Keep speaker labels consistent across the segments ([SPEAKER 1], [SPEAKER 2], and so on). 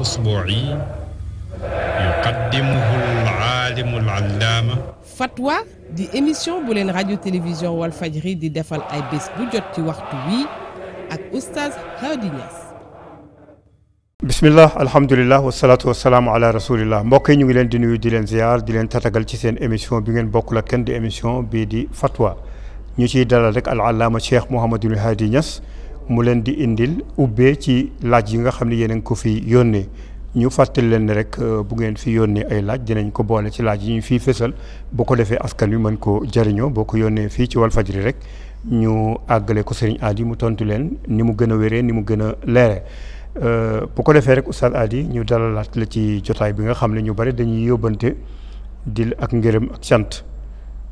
[SPEAKER 1] usbu'i yuqaddimuhu al-aalimu
[SPEAKER 2] di defal ay bés bu jot ci waxtu wi ak oustaz
[SPEAKER 1] ala rasulillah mbokk yi ñu ngi leen di nuyu di leen ziar di leen tatagal ci seen émission bi ngeen bokkul ak kenn di émission bii di Fatwa ñu ciy dalal rek al-allaama Cheikh Mouhamadul Hady Niass mu leen di indil ubbee ci laaj yi nga xam ne yéen a ngi ko fi yónnee ñu fàttali leen rek euh, bu ngeen fi yónnee ay laaj dinañ ko boole ci laaj yi ñu fiy fësal boo ko defee askan wi mën ko jariñoo boo ko yónnee fii ci Walfadjri rek ñu àggale ko sëriñ Adi mu tontu leen ni mu gën a wéree ni mu gën a leere euh, bu ko defee rek oustaz Adi ñu dalalaat la ci jotaay bi nga xam ne ñu bari dañuy yóbbante dil ak ngërëm ak sant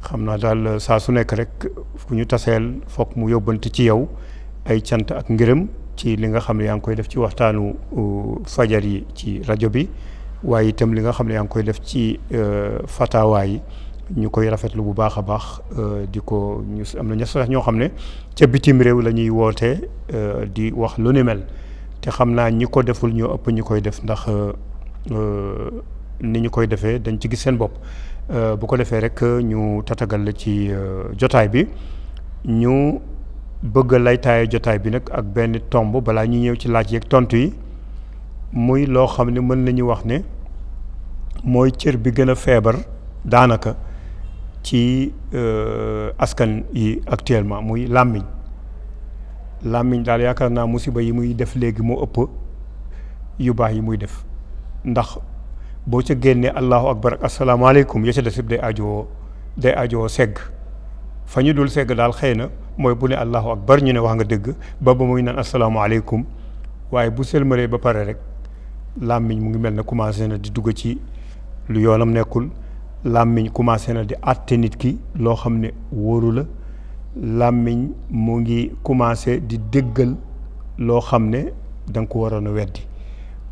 [SPEAKER 1] xam naa daal euh, saa su nekk rek fu ñu taseel foog mu yóbbante ci yow ay cant ak ngërëm ci li nga xam ne yaa ngi koy def ci waxtaanu fajar yi ci rajo bi waaye itam li nga xam ne yaa ngi koy def ci e, fataawaay yi ñu koy rafetlu bu baax a baax e, di ko ñu am ñoo xam ne ca bitim réew la ñuy wootee di wax lu ni mel te xam naa ñi ko deful ñu ëpp ñu koy def ndax e, ni ñu koy defee dañ ci gis seen bopp bu ko defee rek ñu tatagal la ci jotaay bi ñu bëgg lay jotaay bi nag ak benn tomb balaa ñu ñëw ci laaj yeeg tontu yi muy loo xam ne mën nañu wax ne mooy cër bi gën a feebar daanaka ci euh, askan yi actuellement muy làmmiñ làmmiñ daal yaakaar naa musiba yi muy def léegi mu ëpp yu baax yi muy def ndax boo ca génnee allahu akbar ak asalaamaaleykum ya ca des day ajoo day ajoo segg fa ñu dul segg daal xëy na mooy bu ne allahu bari ñu ne wax nga dëgg ba ba muy naan asalaamaaleykum waaye bu sëlmalee ba pare rek làmmiñ mu ngi mel ne commencé na di dugg ci lu yoonam nekkul làmmiñ commencé na di àtte nit ki loo xam ne wóoru la làmmiñ mu ngi commencé di déggal loo xam ne danga nga ko waroon a weddi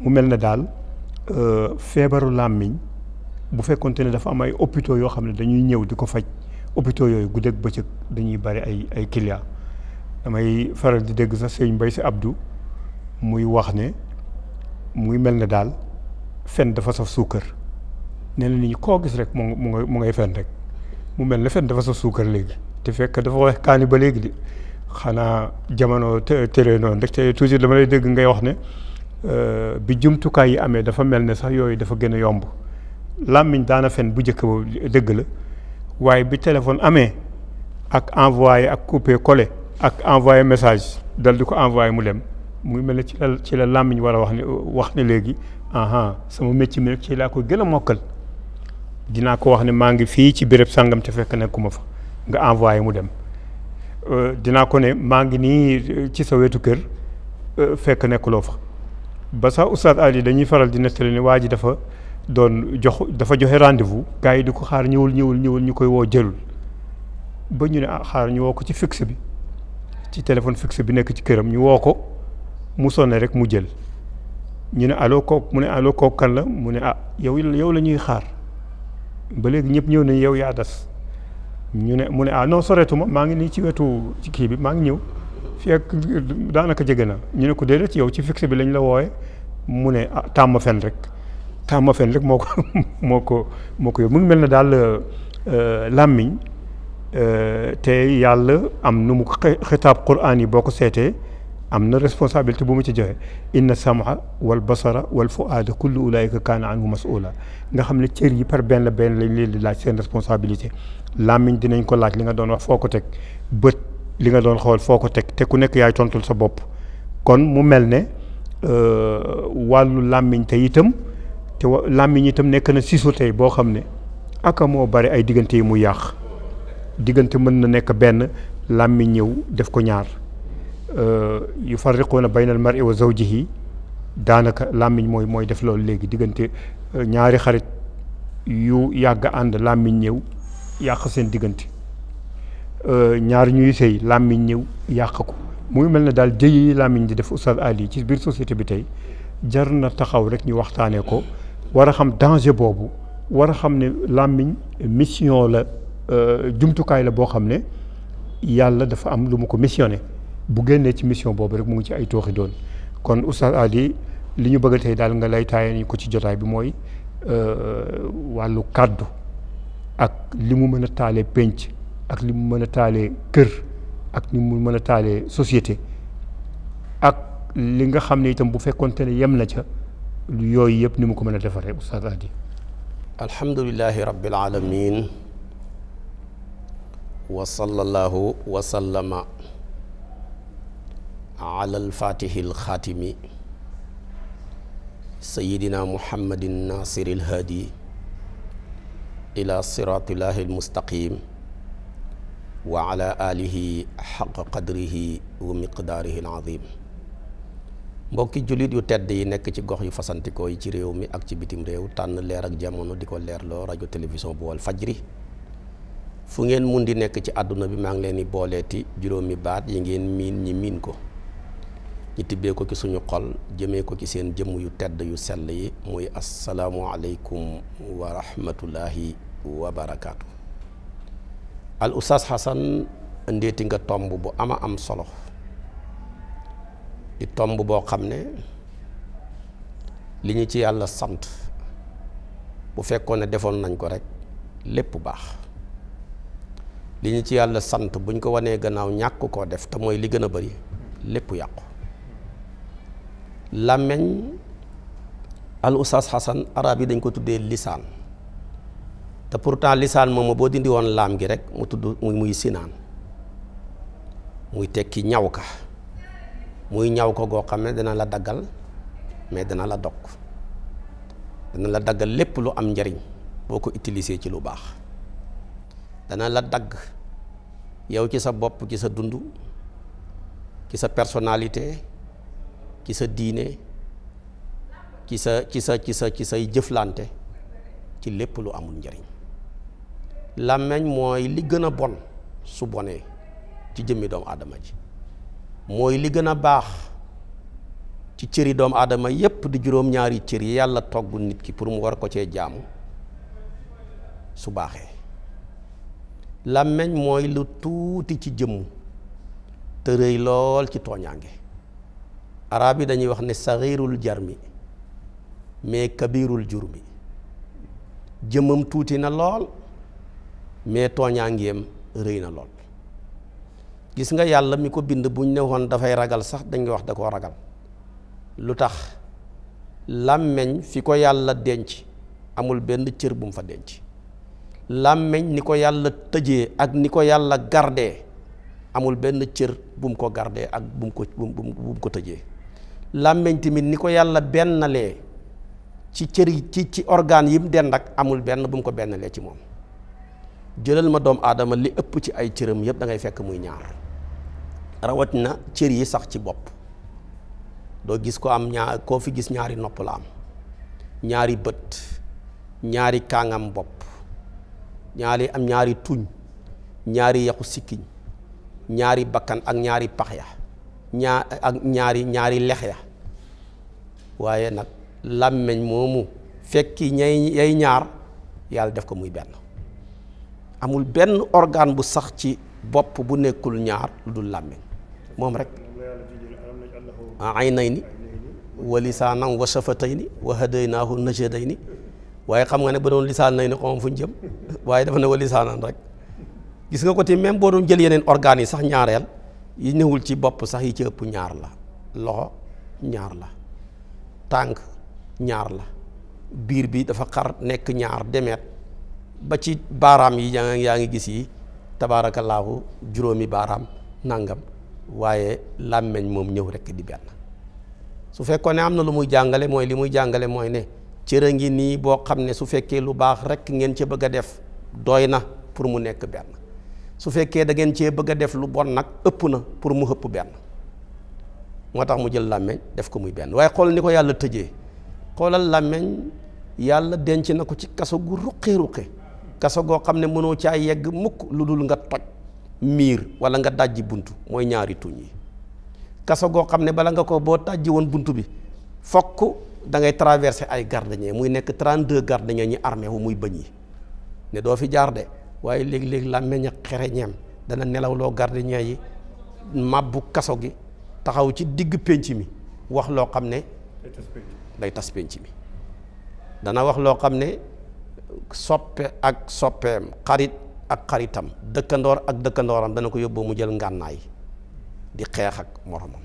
[SPEAKER 1] mu mel ne daal euh, feebaru làmmiñ bu fekkonte ne dafa am ay hôpitaux yoo xam ne dañuy ñëw di ko faj hôpitaux yooyu guddeeg bëccëg dañuy bari ay ay clients damay faral di dégg sax sëñ Mbaye si Abdou muy wax ne muy mel ne daal fen dafa saf suukar nee na nit ñi koo gis rek mu mu ngay fen rek mu mel ne fen dafa saf suukar léegi te fekk dafa wax kaani ba léegi di xanaa jamono tere noonu rek toujours dama lay dégg ngay wax ne euh, bi jumtukaay yi amee dafa mel ne sax yooyu dafa gën a yomb làmmiñ daana fen bu njëkk ba dëgg la waaye bi téléphone amee ak envoyé ak coupé collé ak envoyé message dal di ko envoyé mu dem muy mel ne ci la ci la làmmiñ war a wax ne wax ne léegi aha sama métier mi rek ci laa ko gën a mokkal dinaa ko wax ne maa ngi fii ci béréb sàngam te fekk nekkuma fa nga envoyé mu dem euh, dinaa ko ne maa ngi nii euh, ci sa wetu kër euh, fekk nekkuloo fa ba sax oustaz Ali dañuy faral di nettali ne waa ji dafa doon jox dafa joxe rendez-vous gars yi di ko xaar ñëwul ñëwul ñëwul ñu koy woo jëlul ba ñu ne a ah, xaar ñu woo ko ci fixe bi ci téléphone fixe bi nekk ci këram ñu woo ko mu sonné rek mu jël ñu ne allo kook mu ne allo kook kan la mu ne ah yow yow la ñuy xaar ba léegi ñëpp ñëw nañ yow yaa das ñu ne mu ne ah non soreetuma maa ngi nii ci wetu ci kii bi maa ngi ñëw fii ak daanaka jege na ñu ne ko déedéet yow ci fixe bi lañ la wooye mu ne ah tàmm fen rek temps ma fen rek moo ko moo ko moo ko yóbbu mu ngi mel ne daal euh, euh, làmmiñ euh, te yàlla am nu mu xitaab quraan yi boo ko seetee am na responsabilité bu mu ci joxe inna samha wal basara wal fuaada kullu ulaayika kaana anhu mas'uula nga xam ne cër yi par benn benn lañ leen di laaj seen responsabilité làmmiñ dinañ ko laaj li nga doon wax foo ko teg bët li nga doon xool foo ko teg te ku nekk yaay tontul sa bopp kon mu mel ne wàllu làmmiñ te itam te wa làmmiñ itam nekk na siisu tey boo xam ne aka moo bari ay diggante yi mu yàq diggante mën na nekk benn làmmiñ ñëw def ko ñaar euh, yu farriquuna bayna al mar'i wa zawjihi daanaka làmmiñ mooy mooy def loolu léegi diggante euh, ñaari xarit yu yàgg ànd làmmiñ ñëw yàq seen diggante euh, ñaar ñuy sëy làmmiñ ñëw yàq ko muy mel na daal jëyi làmmiñ di def Oustaz Ali ci biir société bi tey jar na taxaw rek ñu waxtaanee ko war a xam danger boobu war a xam ne làmmiñ mission la euh, jumtukaay la boo xam ne yàlla dafa am lu mu ko missionné bu génnee ci mission boobu rek mu ngi ci ay tooxi doon kon oustaz Hady li ñu bëgg tey daal nga lay taaye ni ko ci jotaay bi mooy euh, wàllu kàddu ak li mu mën a taalee pénc ak li mu mën a taalee kër ak li mu mën a taalee société ak li nga xam ne itam bu fekkoonte ne yem na ca yooyu yëpp ni mu ko mën a defaree Oustaz Hady
[SPEAKER 2] alhamdulilahi rabbil alamin wa sallallahu wa sallama ala alfaatihi alxaatimi sayidina muhammadin nasiri alhaadi ila siratillahi almustaqim wa ala alihi xaqa qadrihi wa miqdaarihi alazim mbokki jullit yu tedd yi nekk ci gox yu fasantikoo yi ci réew mi ak ci bitim réew tànn leer ak jamono di ko leerloo rajo télévision bu wal fajri fu ngeen mun di nekk ci àdduna bi maa ngi leen di booleeti juróomi baat yi ngeen miin ñi miin ko ñi tibbee ko ci suñu xol jëmee ko ci seen jëmm yu tedd yu sell yi muy asalaamualeykum wa rahmatullahi wa barakaatu. al oustaz Xasan ndeeti nga tomb bu ama am solo di tomb boo xam ne li ñu ci yàlla sant bu fekkoon ne defoon nañ ko rek lépp baax li ñu ci yàlla sant buñ ko wanee gannaaw ñàkk koo def te mooy li gën a bari lépp yàqu làmmeñ al oustaz xasan arab yi dañ ko tuddee lisaan te pourtant lisaan moom boo dindi woon laam gi rek mu tudd muy muy sinaan muy tekki ñaw ka muy ñaw ko goo xam ne dana la daggal mais dana la dog dana la daggal lépp lu am njariñ boo ko utiliser ci lu baax dana la dagg yow ci sa bopp ci sa dund ci sa personnalité ci sa diine ci sa ci sa ci sa ci say jëflante ci lépp lu amul njariñ làmmeñ mooy li gën a bon su bonee ci jëmmi doomu aadama ji mooy li gën a baax ci cëri doomu aadama yépp di juróom-ñaari cër yi yàlla togg nit ki pour mu war ko cee jaamu su baaxee làmmeñ mooy lu tuuti ci jëmm te rëy lool ci tooñaange arab yi dañuy wax ne saxiirul jarmi mais kabirul mi jëmmam tuuti na lool mais tooñaangeem rëy na lool gis nga yàlla mi ko bind buñ ne dafay ragal sax dañ nga wax da koo ragal lu tax làmmeñ fi ko yàlla denc amul benn cër bu mu fa denc làmmeñ ni ko yàlla tëjee ak ni ko yàlla gardee amul benn cër bu ko gardee ak bu mu ko bu mu ko tëjee làmmeñ tamit ni ko yàlla bennalee ci cër yi ci ci organes yi mu dend ak amul benn bu mu ko bennalee ci moom jëlal ma doom aadama li ëpp ci ay cëram yëpp dangay fekk muy ñaar rawatina cër yi sax ci bopp doo gis ko am ñaar koo fi gis ñaari nopp la am ñaari bët ñaari kàngam bopp ñaari am ñaari tuñ ñaari yaxu sikkiñ ñaari bakkan ak ñaari pax ya ñaari ñaari lex ya waaye nag làmmeñ moomu fekki ñay ñaar yàlla def ko muy benn amul benn organ bu sax ci bopp bu nekkul ñaar lu dul làmmeñ moom rek aynayni wa lisaanan wa shafatayni wa hadaynaahu najadayni waaye xam nga ne ba lisaan nay ni xamam fu ñu jëm waaye dafa ne wa lisaanan rek gis nga ko ti même boo doon jël yeneen organes yi sax ñaareel yi newul ci bopp sax yi ci ëpp ñaar la loxo ñaar la tànk ñaar la biir bi dafa xar nekk ñaar demet ba ci baaraam yi yaa ngi gis yi tabaarakallaahu juróomi baaraam nangam waaye làmmeñ moom ñëw rekk di benn su fekkoon ne am na lu muy jàngale mooy li muy jàngale mooy ne cër a ngi nii boo xam ne su fekkee lu baax rekk ngeen ca bëgg a def doy na pour mu nekk benn su fekkee da ngeen cee bëgg a def lu bon nag ëpp na pour mu ëpp benn moo tax mu jël làmmeñ def ko muy benn waaye xool ni ko yàlla tëjee xoolal làmmeñ yàlla denc na ko ci kaso gu ruqe ruqe kaso goo xam ne mënoo caa yegg mukk lu dul nga toj miir wala nga dajji bunt mooy ñaari tuñ yi kaso goo xam ne bala nga ko boo tàjji woon bunt bi fokk dangay ngay traversé ay gardien muy nekk 32 gardien ñi armé wu muy bëñ yi ne doo fi jaar de waaye léegi-léegi làmmeñ ak xereñeem dana nelawloo gardien yi màbbu kaso gi taxaw ci digg pénc mi wax loo xam ne day tas pénc mi dana wax loo xam ne soppe ak soppeem xarit ak xaritam dëkkandoor ak dëkkandooram dana ko yóbboo mu jël ngànnaay di xeex ak moromam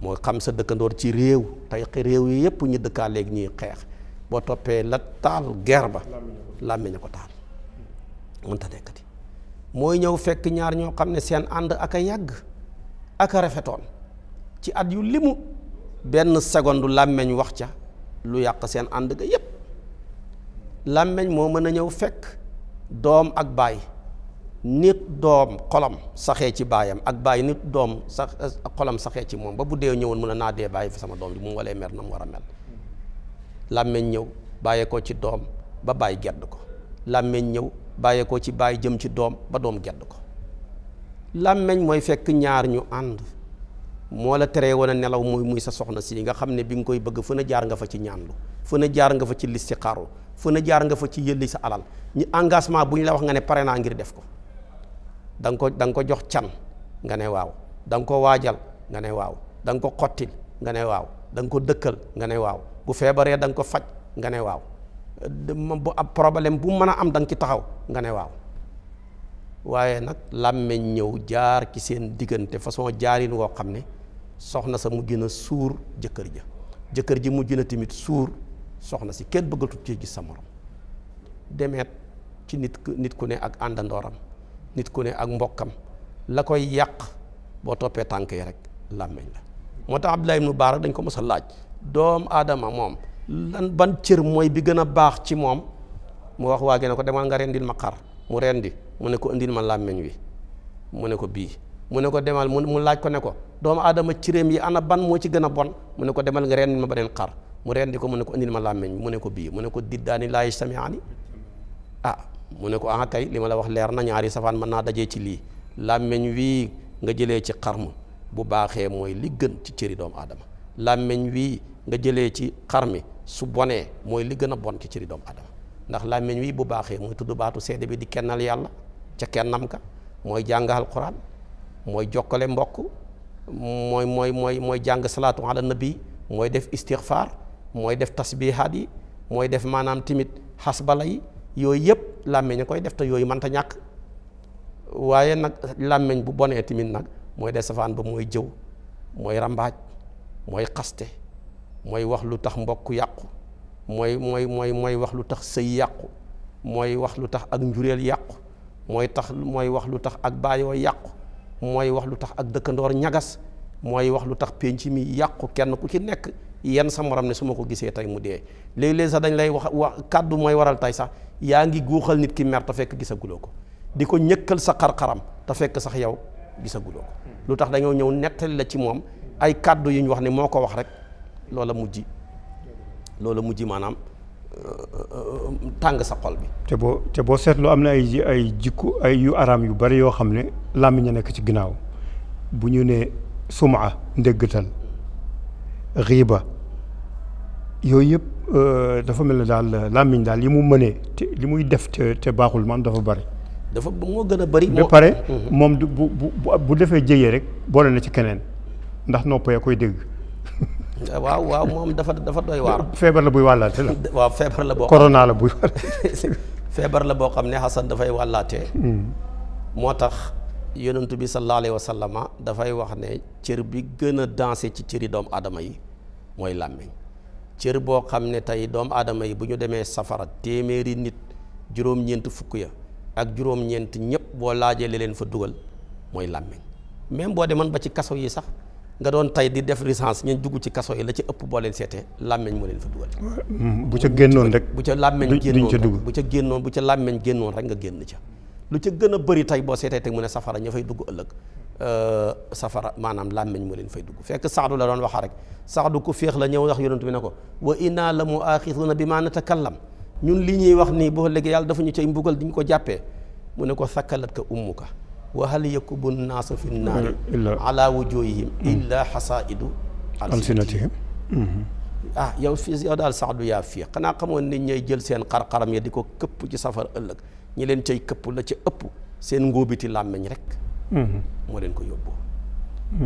[SPEAKER 2] mooy xam sa dëkkandoor ci réew tey réew yi yëpp ñu dëkkaa ñuy xeex boo toppee la taal guerre ba làmmiñ a ko taal mënta nekkati mooy ñëw fekk ñaar ñoo xam ne seen ànd ak a yàgg ak a rafetoon ci at yu limu benn seconde làmmeñ wax ca lu yàq seen ànd ga yépp làmmeñ moo mën a ñëw fekk doom ak baay nit doom xolam saxee ci baayam ak baay nit doom sax eh, xolam saxee ci moom ba bu dee ñëwoon mun a naa dee bàyyi fi sama doom bi mu walee mer na mu war a mel làmmeñ ñëw bàyyee ko ci doom ba baay gedd ko làmmeñ ñëw bàyyee ko ci baay jëm ci doom ba doom gedd ko làmmeñ mooy fekk ñaar ñu ànd moo la teree woon nelaw muy muy sa soxna si nga xam ne bi nga koy bëgg fu na jaar nga fa ci ñaanlu fu na jaar nga fa ci listixaaru fu ne jaar nga fa ci yëlli sa alal ñu engagement bu ñu la wax nga ne pare naa ngir def ko da nga ko da nga ko jox can nga ne waaw da nga ko waajal nga ne waaw da ko xottil nga ne waaw da ko dëkkal nga ne waaw bu feebaree da nga ko faj nga ne waaw ma bu ab problème bu mën a am da nga ci taxaw nga ne waaw waaye nag làmmeñ ñëw jaar ci seen diggante façon jaarin woo xam ne soxna sa mujj na suur jëkkër ja jëkkër ji mujj na tamit suur soxna si kenn bëggatut cee gis sa morom demeet ci nit nit ku ne ak àndandooram nit ku ne ak mbokkam la koy yàq boo toppee tànk yi rek làmmeñ la moo tax Abdullah ibn Mubarak dañ ko mës laaj doomu aadama moom lan ban cër mooy bi gën a baax ci moom mu wax waa gi ne ko demal nga rendil ma xar mu rendi mu ne ko indil ma làmmeñ wi mu ne ko bii mu ne ko demal mu laaj ko ne ko doomu aadama cëréem yi ana ban moo ci gën a bon mu ne ko demal nga rendil ma beneen xar mu rendi ko mu ne ko indil ma làmmiñ mu ne ko bii mu ne ko diddaani laay samiaani ah mu ne ko ah kay li ma la wax leer na ñaari safaan mën naa dajee ci lii làmmiñ wii nga jëlee ci xarm bu baaxee mooy li gën ci cëri doomu adama làmmiñ wii nga jëlee ci xarmi su bonee mooy li gën a bon ci cëri doomu aadama ndax làmmiñ wii bu baaxee mooy tudd baatu seede bi di kennal yàlla ca kenn nam ka mooy jàngal Quraan mooy jokkale mbokk mooy mooy mooy mooy jàng salaatu ala nabi mooy def istixfaar mooy def tasbihaat yi mooy def maanaam timit xasbala yi yooyu yëpp làmmeñ a koy def te yooyu mënta ñàkk waaye nag làmmiñ bu bonee timit nag mooy def safaan ba mooy jëw mooy rambaaj mooy xaste mooy wax lu tax mbokk yàqu mooy mooy mooy mooy wax lu tax sëy yàqu mooy wax lu tax ak njureel yàqu mooy tax mooy wax lu tax ak baayoo yàqu mooy wax lu tax ak dëkkandoor ñagas mooy wax lu tax pénc mi yàqu kenn ku ci nekk yan sa morom ne su ma ko gisee tey mu dee léegi léeg sax dañ lay wax wax kàddu mooy waral tey sax yaa ngi guuxal nit ki mer te fekk gisaguloo ko di ko ñëkkal sa xar-xaram te fekk sax yow gisaguloo ko hmm. lu tax dañoo ñëw nettali la ci moom ay kàddu yu ñu wax ni moo ko wax rek loola mujj loola mujj maanaam euh, tàng sa xol bi.
[SPEAKER 1] te boo te boo seetloo am na ay ay jikku ay yu araam yu bari yoo xam ne làmmiñ a nekk ci ginnaaw bu ñu nee sumaa ndéggatal xiiba yooyu yëpp euh, dafa mel ne daal làmmiñ daal yi mu mënee te li muy def te te baaxul man dafa bari.
[SPEAKER 2] dafa moo gën a bari. Mhm. moom
[SPEAKER 1] du bu bu bu defee jëyee rek boole na ci keneen ndax noppee koy dégg.
[SPEAKER 2] waaw waaw moom dafa dafa doy waar.
[SPEAKER 1] feebar la buy wàllaate la. waaw feebar la boo corona la la
[SPEAKER 2] boo xam ne Xasan dafay wàllaate hmm. moo tax yonentu bi sallallahu alayhi wa dafay wax ne cër bi gën a dansé ci cëri doomu aadama yi mooy làmmiñ. cër boo xam ne tey doomu aadama yi bu ñu demee safara téeméeri nit juróom-ñeent fukk ya ak juróom ñeenti ñëpp boo laajee li leen fa dugal mooy làmmiñ même boo demoon ba ci kaso yi sax nga doon tey di def licence ñu dugg ci kaso yi la ci ëpp boo leen seetee làmmiñ moo leen fa dugal.
[SPEAKER 1] Mm, bu ca génnoon rek. bu ca làmmiñ génnoon bu
[SPEAKER 2] ca génnoon bu ca làmmiñ génnoon rek nga génn ca. lu ca gën a bëri tey boo seetee te mu ne safara ña fay dugg ëllëg Euh, safara maanaam làmmiñ moo leen fay dugg fekk saadu la doon waxa rek saadu ku féex la ñëw wax yonent bi ne ko wa inna la mu aaxisuuna bi maa natakallam ñun li ñuy wax nii boo léegi yàlla dafa ñu cay mbugal di ñu ko jàppee mu ne ko sakkalat ka ummuka wa hal yakubu nnaasu fi nnaari ala wujuhihim illa xasaidu alsinatihim mm-hmm. ah yow fii yow daal saadu yaa fii xanaa xamoon nit ñay jël seen xar-xaram ya di ko këpp ci safar ëllëg ñi leen cay këpp la ci ëpp seen ngóobiti làmmiñ rek Mm-hmm. moo leen ko yóbbu.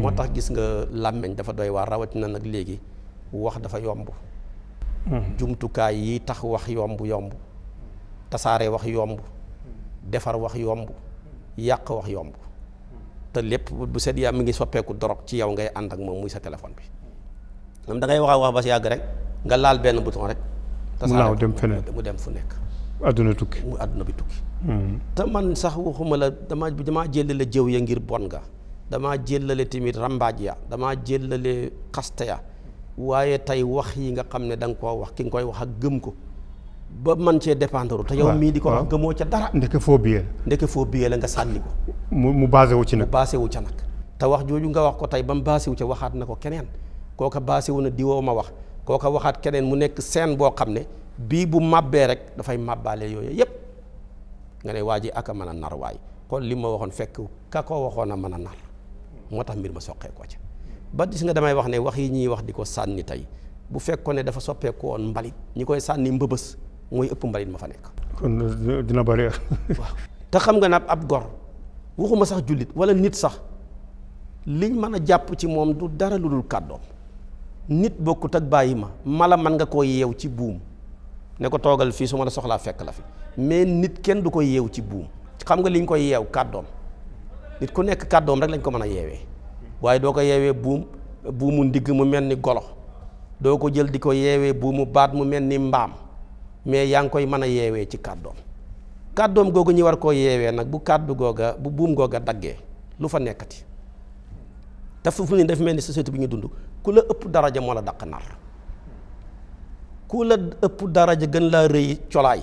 [SPEAKER 2] moo tax gis nga làmmiñ dafa doy waar rawatina nag léegi wax dafa yomb. Mm-hmm. jumtukaay yi tax wax yomb yomb tasaare wax yomb defar wax yomb yàq wax yomb te lépp bu set yaa mi ngi soppeeku dorog ci yow ngay ànd ak moom muy sa téléphone bi moom da ngay wax a wax ba si yàgg rek nga laal benn buton rek. tasaare mu dem fu nekk.
[SPEAKER 1] adduna tukki mu adduna bi tukki. Hmm.
[SPEAKER 2] te man sax waxuma la dama damaa jëlale jëw ya ngir bon nga damaa jëlale tamit rambaaj ya damaa jëlale xaste ya waaye tey wax yi nga xam ne da nga koo wax ki nga koy wax ak gëm ko ba man cee dépendre te yow mii di ko wax
[SPEAKER 1] gëmoo ca dara. ndeke foo biyee la
[SPEAKER 2] ndeke foo biyee la nga sànni ko.
[SPEAKER 1] mu mu basé wu ci nag
[SPEAKER 2] mu wu ca nag. te wax jooju nga wax ko tey ba mu basé wu ca waxaat na ko keneen kooka basé wu na diwoo ma wax kooka waxaat keneen mu nekk seen boo xam ne. bii bu màbbee rek dafay màbbaale yooyu yépp nga ne waa ji ak a mën a nar waay kon li ma waxoon fekk ka ko waxoon a mën a nar moo tax mbir ma soqeekoo ca ba gis nga damay wax ne wax yi ñuy wax di ko sànni tey bu fekkoon ne dafa soppeeku woon mbalit ñi koy sànni mbëbës mooy ëpp mbalit ma fa nekk. dina bari te xam nga nag ab gor waxuma sax jullit wala nit sax liñ mën a jàpp ci moom du dara lu dul kàddoom nit bokkut ak bàyyi ma mala mën nga koo yeew ci buum. ne ko toogal fii su ma la soxlaa fekk la fi mais nit kenn du ko yeew ci buum xam nga liñ koy yeew kàddoom nit ku nekk kàddoom rek lañ ko mën a yeewee waaye doo ko yeewee buum buumu ndigg mu mel ni golo doo ko jël di ko yeewee buumu baat mu mel ni mbaam mais yaa ngi koy mën a yeewee ci kàddoom kàddoom googu ñi war koo yeewee nag bu kàddu googa bu buum googa daggee lu fa nekkati te fu mu ne daf mel ni société bu ñu dund ku la ëpp daraja moo la daq nar ku la ëpp daraja gën laa rëy colaay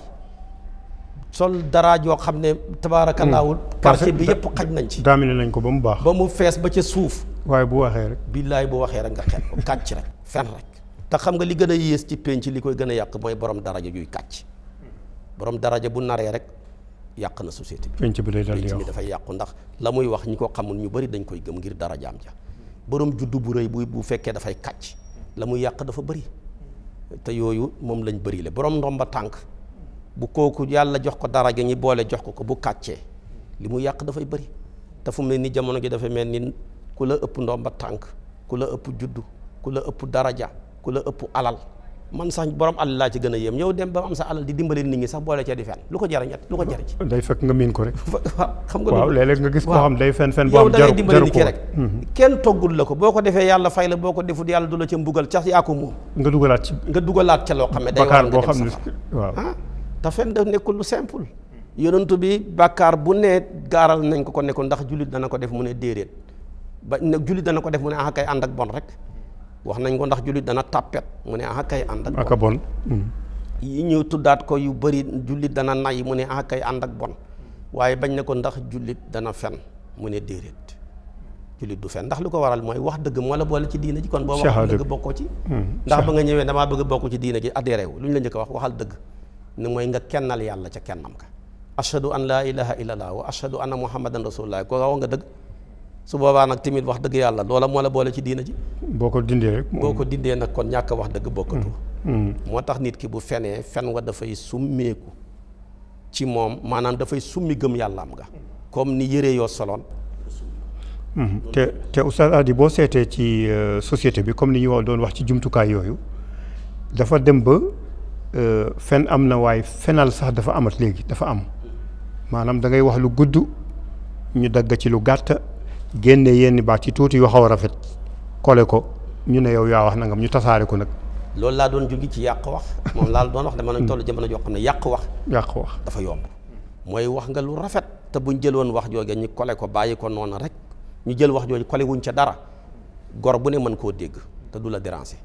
[SPEAKER 2] sol darajoo xam ne tabaarakallaahu hmm. quartier bi yëpp xaj nañ
[SPEAKER 1] ci daamine nañ ko ba mu baax ba mu fees ba ca suuf waaye bu waxee rek
[SPEAKER 2] billaay bu waxee rek nga xel ko kàcc rek fen rek te xam nga li gën a yées ci penc li koy gën a yàq mooy borom daraja yuy kàcc borom daraja bu naree rek yàq na société
[SPEAKER 1] bi penc bi lay dal penc dafay
[SPEAKER 2] yàqu ndax la muy wax ñi ko xamul ñu bari dañ koy gëm ngir darajaam ja borom juddu bu rëy bu bu fekkee dafay kàcc la muy yàq dafa bëri te yooyu moom lañ bëri le borom ba tànk bu kooku yàlla jox ko dara gi ñi boole jox ko ko bu kàccee li mu yàq dafay bëri te fu mu ni jamono ji dafa mel ni ku la ëpp ndoom ba tànk ku la ëpp juddu ku la ëpp daraja ku la ëpp alal man sax borom alal laa ci gën a yéem yow dem ba am sa alal di dimbali nit ñi sax boole cee di fen lu ko jariñ lu ko jariñ
[SPEAKER 1] day fekk nga miin ko rek waaw xam nga waaw léeg-léeg nga gis koo xam day fen fen boo xam jaru dimbali nit ki rek mhm.
[SPEAKER 2] kenn toggul la ko boo ko defee yàlla fay la boo ko defut yàlla du la ca mbugal ca yaa ko moom nga dugalaat ci nga dugalaat ca loo xam ne day war nga dem sax waaw ah, te fen da nekkul lu simple yonentu bi bàkkaar bu ne gaaral nañ ko ko nekkul ndax jullit dana ko def mu ne déedéet ba jullit dana ko def mu ne ah kay ànd ak bon rek wax nañ ko ndax jullit dana tàppet mu ne ah kay ànd ak ak bon ah, hmm. yi ñëw tuddaat ko yu bëri jullit dana nay mu ne ah kay ànd ak bon waaye bañ ne ko ndax jullit dana fen mu ne déedéet jullit du fen ndax lu ko waral mooy wax dëgg moo la boole ci diina ji kon boo wax dëgg bokkoo ci hmm. ndax ba nga ñëwee damaa bëgg bokk ci diina ji adhéré wu lu ñu la njëkk wax waxal dëgg ni mooy nga kennal yàlla ca kennam ka ashhadu an laa ilaha illallah wa ashhadu anna muhammadan rasulullah ko wax nga dëgg su boobaa nag tamit wax dëgg yàlla loola moo la boole ci diina ji.
[SPEAKER 1] boo ko dindee rek. boo
[SPEAKER 2] ko dindee nag kon ñàkk wax dëgg bokkatu. Mm. Mm. moo tax nit ki bu fenee fen wa dafay summeeku ci moom maanaam dafay summi gëm yàlla am nga comme ni yëre yoo soloon.
[SPEAKER 1] Mm. te te Oustaz Hady boo seetee ci euh, société bi comme ni ñu doon wax ci jumtukaay yooyu dafa dem ba euh, fen am na waaye fenal sax dafa amat léegi dafa am maanaam da wax lu gudd ñu dagg ci lu gàtt. génne yenn baat ci tuuti yu xaw a rafet kole ko ñu ne yow yaa wax nangam ñu tasaare ko nag.
[SPEAKER 2] loolu laa doon julli ci yàq wax moom laa doon wax dama nañ toll jamono joo xam ne yàq wax. yàq wax dafa yomb. mooy wax nga lu rafet te buñ jëloon wax jooge ñu kole ko bàyyi ko noonu rek ñu jël wax jooju kole wuñ ca dara gor bu ne mën koo dégg te du la déranger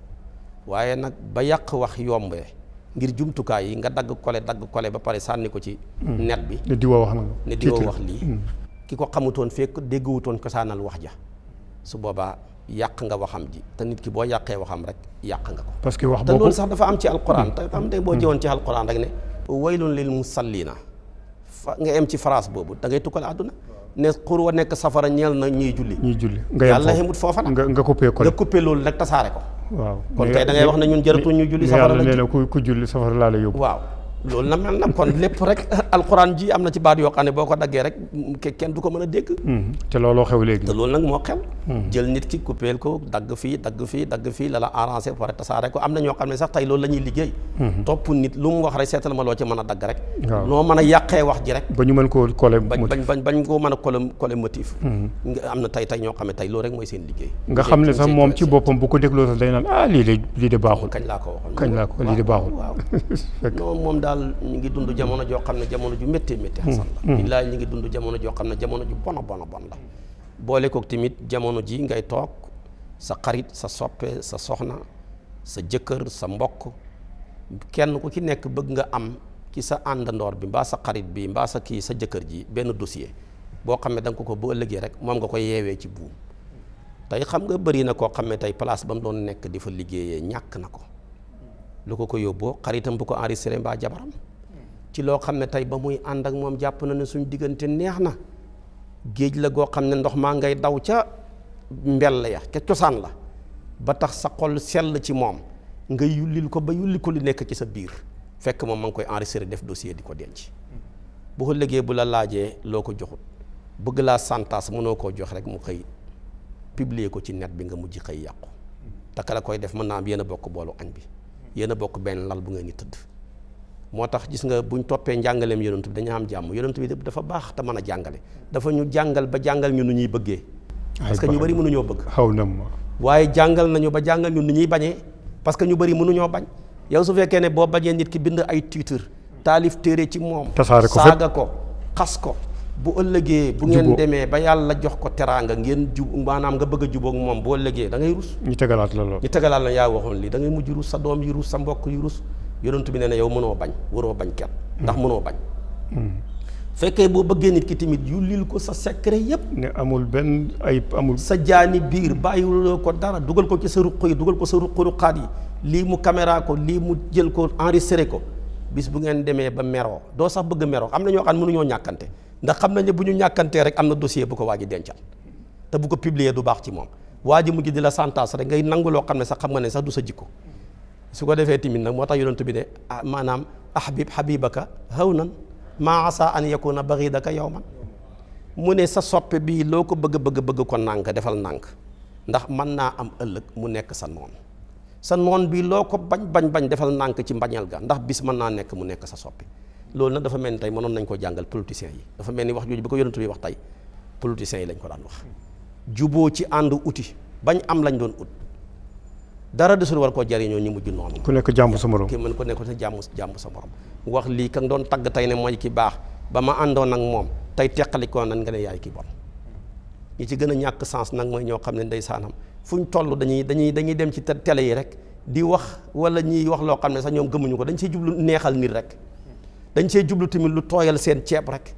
[SPEAKER 2] waaye nag ba yàq wax yombee ngir jumtukaay yi nga dagg kole dagg kole ba pare sànni ko ci. Mm. net bi ne diwa wax na ne diwa wax lii. Mm. ki ko xamutoon fekk dégguwutoon ko saanal wax ja su boobaa yàq nga waxam ji te nit ki boo yàqee waxam rek yàq nga ko.
[SPEAKER 1] parce que wax boobu te loolu sax
[SPEAKER 2] am ci alquran mm. te am tey boo mm. jëwoon ci alquran rek ne. waylun lil musallina fa nga em ci phrase boobu da ngay tukkal àdduna. ne xur wa nekk safara ñeel na ñuy julli.
[SPEAKER 1] ñuy julli nga yem foofu yàlla
[SPEAKER 2] yemut foofa nag. nga
[SPEAKER 1] nga coupé ko nga
[SPEAKER 2] coupé loolu rek tasaare ko.
[SPEAKER 1] waaw kon kay da wax ne ñun jërëtu ñu julli. safara laa la yóbbu
[SPEAKER 2] loolu na mel na kon lépp rek alxuraan ji am na ci baat yoo xam ne boo ko daggee rek kenn du ko mën a dégg. Hmm. te moo xew. Hmm. ko dagg fii dagg fii dagg fii la la arrangé pare tasaare ko am na ñoo xam ne sax tey loolu la hmm. ma loo ci a dagg rek.
[SPEAKER 1] waaw noo mën ba ñu mën koo collé motif
[SPEAKER 2] bañ bañ koo mën a collé collé motif.
[SPEAKER 1] nga
[SPEAKER 2] am na tey tey ñoo xam ne tey loolu rek mooy seen liggéey. nga xam ne sax moom ci
[SPEAKER 1] boppam bu ko dégloo sax day naan ah lii de lii de baaxul. kañ laa ko waxoon kañ laa lii de baaxul
[SPEAKER 2] daal ñu ngi dund jamono joo xam ne jamono ju méttee méttee xasan la mm-hmm. billaay ñu ngi dund jamono joo xam ne jamono ju bona bona bon la boole kook tamit jamono ji ngay toog sa xarit sa soppe sa soxna sa jëkkër sa mbokk kenn ku ci nekk bëgg nga am ci sa àndandoor bi mbaa sa xarit bi mbaa sa kii sa jëkkër ji benn dossier boo xam ne da ko ko bu ëllëgee rek moom nga ko yeewee ci buum tey xam nga bari na koo xam ne tey place ba mu doon nekk di fa liggéeyee ñàkk na ko lu ko ko yóbboo xaritam bu ko enregistré mbaa jabaram ci loo xam ne tey ba muy ànd ak moom jàpp na ne suñ diggante neex na géej la goo xam ne ndox maa ngay daw ca mbell ya ca cosaan la ba tax sa xol sell ci moom nga yullil ko ba yulli ko lu nekk ci sa biir fekk moom ma ngi koy enregistré def dossier di ko denc mm. bu ko liggéey bu la laajee loo ko joxut bëgg laa santaas mënoo koo jox rek mu xëy publier ko ci net bi nga mujj xëy yàqu mm. te la koy def mën naa am yéen a bokk bi yéen a bokk benn lal bu ngeen di tëdd moo tax gis nga bu ñu toppee njàngaleem yonent bi dañu am jàmm yonent bi dafa baax te mën a jàngale dafa ñu jàngal ba jàngal ñu nu ñuy bëggee
[SPEAKER 1] parce que ñu bari mënuñoo bëgg xaw na ma
[SPEAKER 2] waaye jàngal nañu ba jàngal ñu nu ñuy bañee parce que ñu bëri mënuñoo bañ yow su fekkee ne boo bañee nit ki bind ay titre taalif téere ci moom saaga ko xas ko bu ëllëgee bu ngeen demee ba yàlla jox ko teraanga ngeen jub maanaam nga bëgg a jubóog moom bu ëllëgee da ngay rus ñu tegalaat la loolu ñu tegalaat la yaa waxoon lii da ngay mujj rus sa doom yi rus sa mbokk yi rus yonent bi nee na yow mënoo bañ waroo bañ kenn mm. ndax mënoo bañ mm. fekkee boo bëggee nit ki tamit yullil ko sa secret yëpp ne amul benn ay amul sa jaani biir bàyyiwuloo ko dara dugal ko ci sa ruq yi dugal ko sa ruq ruqaat yi lii mu caméra ko lii mu jël ko enregistré ko bis bu ngeen demee ba meroo doo sax bëgg meroo am na ñoo xam ne mënuñoo ñàkkante ndax xam na ne bu ñu ñàkkantee rek am na dossier bu ko waa ji dencal te bu ko publier du baax ci moom waa ji mujj di la santaas rek ngay nangu loo xam ne sax xam nga ne sax du sa jikko su ko defee tamit nag moo tax yonent bi ne ah, maanaam ahbib habibaka hawnan maa asa an yakuna baghidaka yawman mu ne sa soppe bii loo ko bëgg bëgg bëgg ko nànk defal nànk ndax mën naa am ëllëg mu nekk sa noon sa noon bii loo ko bañ bañ bañ defal nànk ci mbañal ga ndax bis mën naa nekk mu nekk sa soppi loolu nag dafa mel ni tey mënoon nañ ko jàngal politiciens yi dafa mel ni wax jooju bi ko yonent bi wax tey politiciens yi lañ ko daan wax juboo ci ànd uti bañ am lañ doon ut dara de desul war koo jariñoo ñu mujj noonu
[SPEAKER 1] ku nekk jàmm sa morom ki
[SPEAKER 2] mën ku nekk sa jàmm jàmm sa morom wax lii ka doon tagg tey ne mooy ki baax ba ma àndoon ak moom tey teqalikoo nan nga ne yaay ki bon ñi ci gën a ñàkk sens nag mooy ñoo xam ne ndey saanam fu ñu toll dañuy dañuy dañuy dem ci tele yi rek di wax wala ñiy wax loo xam ne sax ñoom gëmuñu ko dañ siy jublu neexal nit rek dañ see jublu tamit lu tooyal seen ceeb rek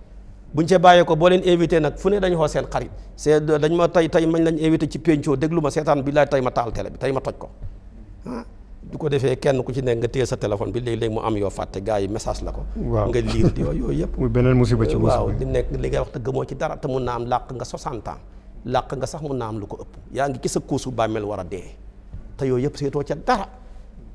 [SPEAKER 2] buñ ca bàyyee ko boo leen invité nag fu ne dañ xoo seen xarit c'est dañ ma tey tey mañ lañ invité ci penco déglu ma seetaan bi laay tey ma taal télé bi tey ma toj ko ah, du ko defee kenn ku ci nekk nga téye sa téléphone bi léeg-léeg mu am yoo fàtte gars yi message la ko nga liir di yooyu yëpp muy beneen musiba ci musiba waaw di nekk li ngay wax te gëmoo ci dara te mun naa am làq nga 60 ans làq nga sax mun naa am lu ko ëpp yaa ngi ci sa kuusu bàmmeel war a dee te yooyu yëpp seetoo ca dara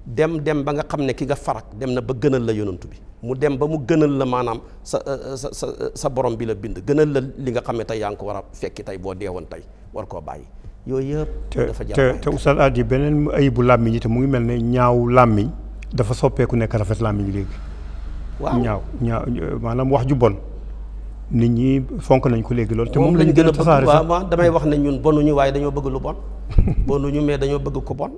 [SPEAKER 2] dem dem ba nga xam ne ki nga farak dem na ba gënal la yonantu bi mu dem ba mu gënal la maanaam euh, euh, sa sa sa borom bi la bind gënal la li nga xam ne tey yaa ngi ko war a fekki tey boo deewoon tey war koo bàyyi
[SPEAKER 1] yooyu yëpp dafa jar te te Oustaz beneen ayibu làmmiñ yi te mu ngi mel ne ñaaw làmmiñ dafa soppeeku nekk rafet làmmiñ léegi waaw ñaaw ñaaw maanaam wax ju bon nit ñi fonk nañ ko léegi loolu te moom lañ gën a tasaare sax
[SPEAKER 2] damay wax ne ñun bonuñu waaye dañoo bëgg lu bon bonuñu mais dañoo bëgg ko bon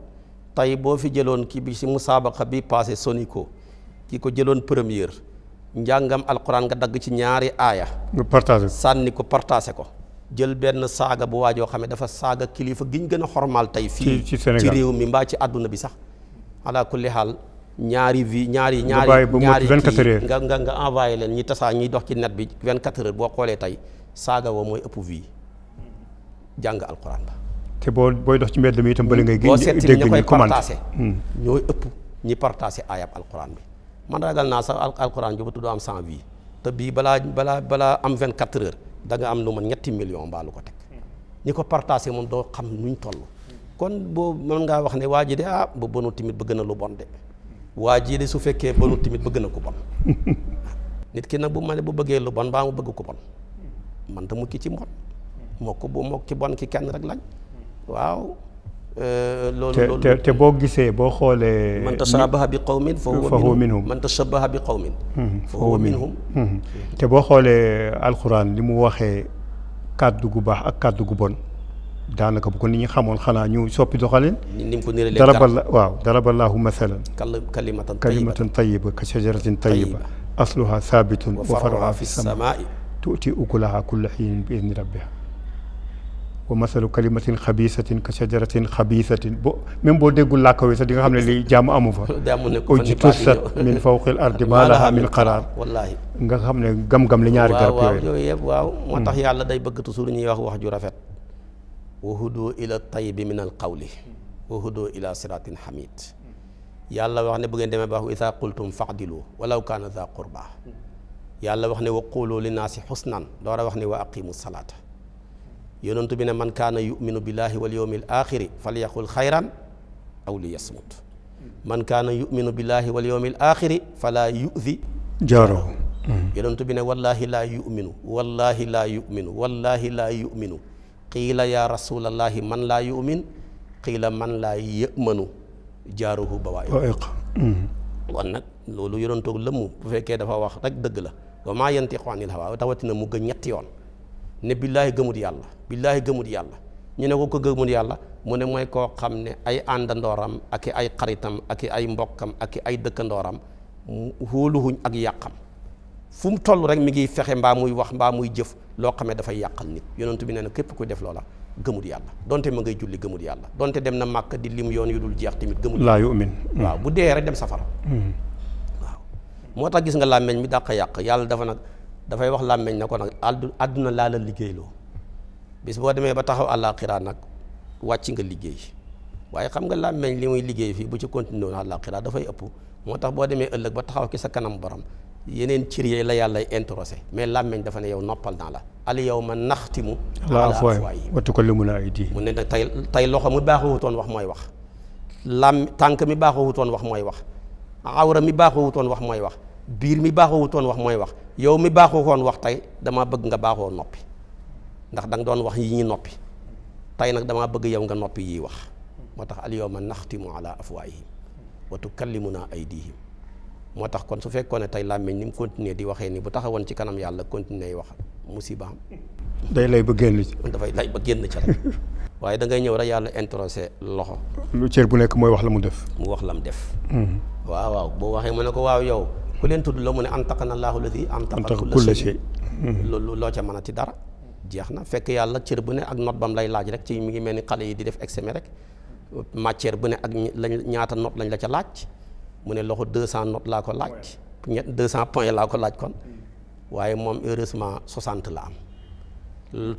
[SPEAKER 2] tey boo fi jëloon ki bi si musaabaqa bi passé Sonico ki ko jëloon première njàngam alquran nga dagg ci ñaari aaya sànni ko partagé ko jël benn saaga bu waajoo xam ne dafa saaga kilifa giñ gën a xormaal tey fii ci réew mi mbaa ci àdduna bi sax ala kulli xaal ñaari vie ñaari ñaari ñaari kii nga nga nga envoyé leen ñi tasaa ñiy dox ci net bi 24 heures boo xoolee tey saaga woo mooy ëpp vie jàng alquran ba
[SPEAKER 1] te boo booy dox ci mbedd mi itam bële ngay. gis dégg ñu commande boo seet
[SPEAKER 2] ñooy ëpp ñi partagé ayab alquran bi man ragal naa sax al ju ba tudd am 100 vies te bii balaa balaa balaa am vingt heures da nga am lu ma ñetti million mbaa lu ko teg ñi ko partagé moom doo xam nuñ toll. kon boo mën ngaa wax ne waa ji de ah bu bonul tamit bëgg na lu bon de waa ji de su fekkee bonul tamit bëgg na ku bon nit ki nag bu ma ne bu bëggee lu bon mbaa mu bëgg ku bon man ta mucc ci mbon moo ko bu ki bon ki kenn rek lañ. waaw. Euh, loolu te
[SPEAKER 1] boo gisee boo xoolee. man tashabaha bi qawmin fa huwa minhum man
[SPEAKER 2] tashabaha bi qawmin fa hmm, huwa minhum
[SPEAKER 1] hmm. te boo xoolee alxuraan li mu waxee kàddu gu baax ak kàddu gu bon daanaka bu ni nit ñi xamoon xanaa ñu soppi doxalin. ni mu ko nirelee darabal waaw daraballahu masalan. kalimatan tayyiba kalimatan tayyiba ka shajaratin tayyiba asluha saabitun wa faruha fi samaa'i tu'ti ukulaha kulla hiin bi idni rabbiha wa masalu kalimatin xabisatin ka shajaratin xabisatin bo même boo déggul làkk wi sax di nga xam ne lii jàmm amu fa ujtusat min fawqil ardi ma laha min qaraar nga xam ne gam-gam li ñaari garab yooyu yooyu yëpp waaw moo tax hmm.
[SPEAKER 2] yàlla day bëgg toujours ñuy wax wax ju rafet wa hudu ila tayibi min al qawli wa hudu ila siratin hamid la wax ne bu ngeen demee ba wax wa isaa qultum fa'dilu walaw kaana za qurba yàlla wax ne wa qulu li naasi xusnan door a wax ne wa aqimu salaata yonentu bi ne man kaana yuminu billahi wal yawmil axiri falyaqul xayran aw li yasmut man kaana yuminu billahi wal yawmil axiri falaa yu'di jaaro yonentu bi ne wallahi laa yuminu wallahi laa yuminu wallahi laa yuminu qiila yaa rasulallahi man laa yumin qiila man laa yëmanu jaaruhu bawaa'iq mm-hmm. kon nag loolu yonentoog lëmm bu fekkee dafa wax rek dëgg la wa maa yantiqu anil hawa tawatina mu gën ñetti yoon ne billaahi gëmut yàlla billaahi gëmut yàlla ñu ne ko ko gëmut yàlla mu ne mooy koo xam ne ay àndandooram ak i ay xaritam ak i ay mbokkam ak i ay dëkkandooram hóoluhuñ ak yàqam fu mu toll rek mi ngi fexe mbaa muy wax mbaa muy jëf loo xamee dafay yàqal nit yonentu bi nee na képp kuy def loola gëmut yàlla donte ma ngay julli gëmut yàlla donte dem na màkk di lim yoon yu dul jeex tamit gëmut laa yu'min mm. waaw bu dee rek dem safara mm. moo tax gis nga làmmeñ dafay wax làmmeñ na ko nag àdduna laa la liggéeyloo bis boo demee ba taxaw àllaaxira nag wàcc nga liggéey waaye xam nga làmmeñ li muy liggéey fii bu ci continué woon àllaaxira dafay ëpp moo tax boo demee ëllëg ba taxaw ki sa kanam borom yeneen cër yi la yàlla introsé mais làmmeñ dafa ne yow noppal naa la al yawma naxtimu alaa afwaahihim
[SPEAKER 1] wa tukallimunaa aydiihim
[SPEAKER 2] mu ne nag tey tey loxo mu baaxoowutoon wax mooy wax làmm tànk mi baaxoowutoon wax mooy wax awra mi baaxoowutoon wax mooy wax biir mi baaxoowutoon wax mooy wax yow mi baaxoo woon wax tey damaa bëgg nga baaxoo noppi ndax danga doon wax yi ñu noppi tey nag damaa bëgg yow nga noppi yi wax moo tax al yawma naxtimu ala afwaahihim wa tukallimuna aydihim moo tax kon su fekkoon ne tey làmmiñ ni mu continuer di waxee nii bu taxawoon ci kanam yàlla continuer wax musiba am
[SPEAKER 1] day lay ba génn
[SPEAKER 2] dafay lay ba génn ca rek waaye dangay ñëw rek yàlla introsé loxo
[SPEAKER 1] lu cër bu nekk mooy wax la mu def
[SPEAKER 2] mu wax la mu def mm-hmm. waaw waaw boo waxee mu ne ko waaw yow ku leen tudd loo mu ne antaqana allahu alladi antaqa kulla shay loolu loo ca mën a ti dara jeex na fekk yàlla cër bu ne ak not bam lay laaj rek ci mi ngi mel ni xale yi di def examen rek matière bu ne ak lañ ñaata note lañ la ca laaj mu ne loxo deux cent note laa ko laaj ñett deux cent points laa ko laaj kon waaye moom heureusement soixante la am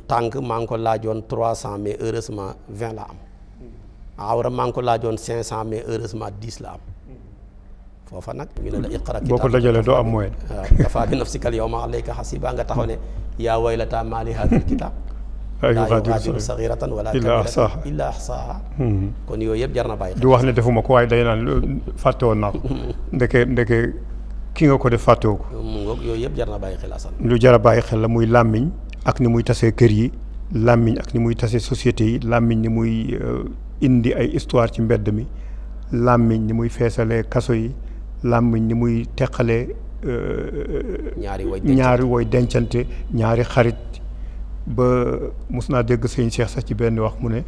[SPEAKER 2] tànk maa ngi ko laajoon trois cent mais heureusement vingt la am awra maa ngi ko laajoon cinq cent mais heureusement dix la am foofa nag ñu boo ko dajalee doo am moyen waaw kafaa bi nafsika al yawma alayka xasiba nga taxaw ne yaa waylata maa hmm. kon yooyu yëpp jar na bàyyi du wax ne
[SPEAKER 1] defuma ko waaye day naan fàtte woon naa ko ko def ko
[SPEAKER 2] mu yëpp jar na bàyyi xel asan
[SPEAKER 1] lu jar a bàyyi xel la muy làmmiñ ak ni muy tasee kër yi làmmiñ ak ni muy tasee société yi làmmiñ ni muy euh, indi ay histoire ci mbedd mi làmmiñ ni muy feesalee kaso yi làmmiñ ni muy teqale euh, ñaari woy dencante ñaari xarit ba mus naa dégg sëñ Cheikh sax ci benn wax mu ne